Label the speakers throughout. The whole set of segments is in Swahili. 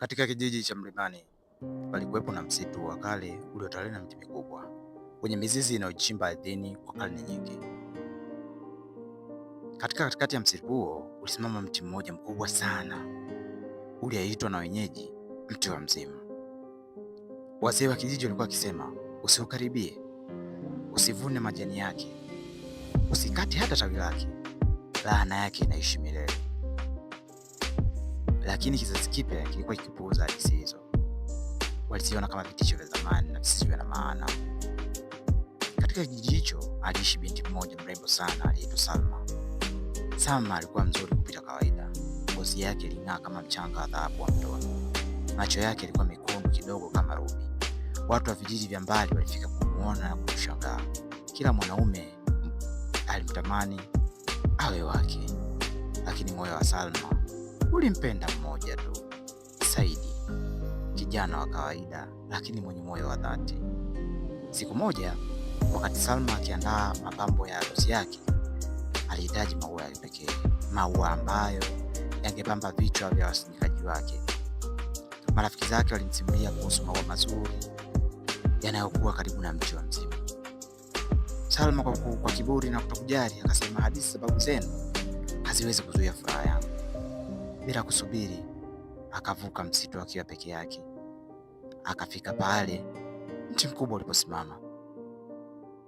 Speaker 1: Katika kijiji cha Mlimani palikuwepo na msitu wa kale uliotawaliwa na miti mikubwa wenye mizizi inayochimba ardhini kwa karne nyingi. Katika katikati ya msitu huo ulisimama mti mmoja mkubwa sana uliyeitwa na wenyeji mti wa mzimu. Wazee wa kijiji walikuwa wakisema, usiukaribie, usivune majani yake, usikate hata tawi lake, laana yake inaishi milele lakini kizazi kipya kilikuwa kikipuuza hadithi hizo, waliziona kama vitisho vya zamani na visivyo na maana. Katika kijiji hicho aliishi binti mmoja mrembo sana aliyeitwa Salma. Salma alikuwa mzuri kupita kawaida, ngozi yake iling'aa kama mchanga wa dhahabu wa mtoni, macho yake alikuwa mekundu kidogo kama rubi. Watu wa vijiji vya mbali walifika kumwona na kumshangaa. Kila mwanaume alimtamani awe wake, lakini moyo wa Salma ulimpenda mmoja tu, Saidi, kijana wa kawaida lakini mwenye moyo wa dhati. Siku moja, wakati Salma akiandaa mapambo ya harusi yake, alihitaji maua ya pekee, maua ambayo yangepamba vichwa vya wasindikaji wake. Marafiki zake walimsimulia kuhusu maua mazuri yanayokuwa karibu na mti wa mzimu. Salma kwa, kwa kiburi na kutokujali akasema, hadithi sababu zenu haziwezi kuzuia furaha yangu. Bila kusubiri, akavuka msitu akiwa peke yake. Akafika pale mti mkubwa uliposimama.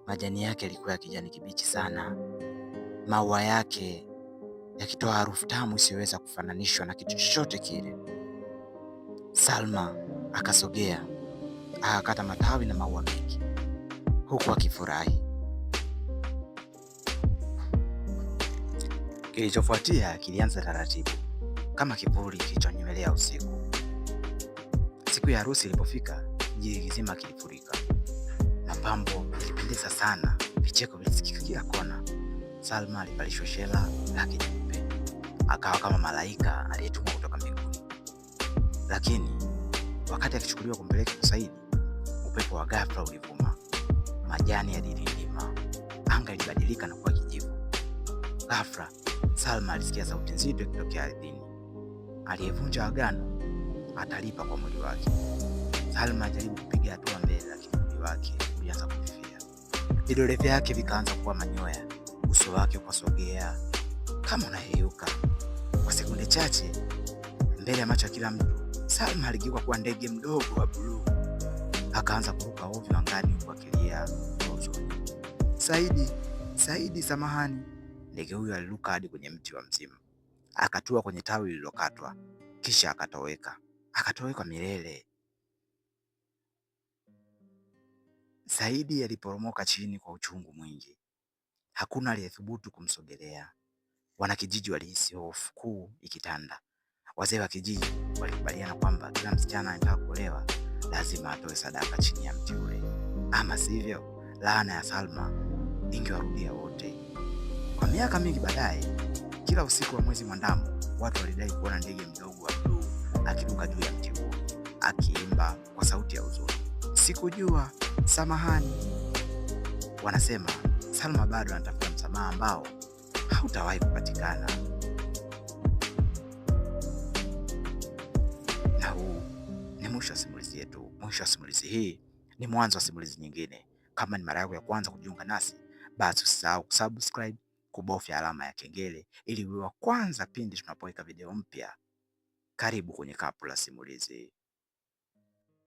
Speaker 1: Majani yake yalikuwa ya kijani kibichi sana, maua yake yakitoa harufu tamu isiyoweza kufananishwa na kitu chochote kile. Salma akasogea, akakata matawi na maua mengi, huku akifurahi. Kilichofuatia kilianza taratibu kama kipuli kilichonyemelea usiku. Siku ya harusi ilipofika, jiji kizima kilifurika. Mapambo yalipendeza sana, vicheko vilisikika kila kona. Salma alivalishwa shela lake jeupe, akawa kama malaika aliyetumwa kutoka mbinguni. Lakini wakati akichukuliwa kumpeleka Kusaidi, upepo wa ghafla ulivuma, majani yalilindima, anga ilibadilika na kuwa kijivu. Ghafla Salma alisikia sauti nzito ikitokea ardhini aliyevunja agano atalipa kwa mwili wake. Salma ajaribu kupiga hatua mbele, lakini mwili wake ulianza kufifia, vidole vyake vikaanza kuwa manyoya, uso wake ukasogea kama unayeyuka. Kwa sekunde chache, mbele ya macho ya kila mtu, Salma aligeuka kuwa ndege mdogo wa bluu. akaanza kuruka ovyo angani, huku akilia kwa huzuni, Saidi, Saidi, samahani. Ndege huyo aliruka hadi kwenye mti wa mzima akatua kwenye tawi lililokatwa, kisha akatoweka, akatoweka milele. Saidi aliporomoka chini kwa uchungu mwingi. Hakuna aliyethubutu kumsogelea. Wanakijiji walihisi hofu kuu ikitanda. Wazee wa kijiji walikubaliana kwamba kila msichana anataka kuolewa lazima atoe sadaka chini ya mti ule, ama sivyo laana ya Salma ingewarudia wote. Kwa miaka mingi baadaye kila usiku wa mwezi mwandamo watu walidai kuona ndege mdogo wa bluu akiruka juu ya mti huo, akiimba kwa sauti ya huzuni, sikujua, samahani. Wanasema Salma bado anatafuta msamaha ambao hautawahi kupatikana. Na huu ni mwisho wa simulizi yetu, mwisho wa simulizi hii ni mwanzo wa simulizi nyingine. Kama ni mara yako ya kwanza kujiunga nasi, basi usisahau kusubscribe kubofya alama ya kengele ili uwe wa kwanza pindi tunapoweka video mpya. Karibu kwenye Kapu la Simulizi.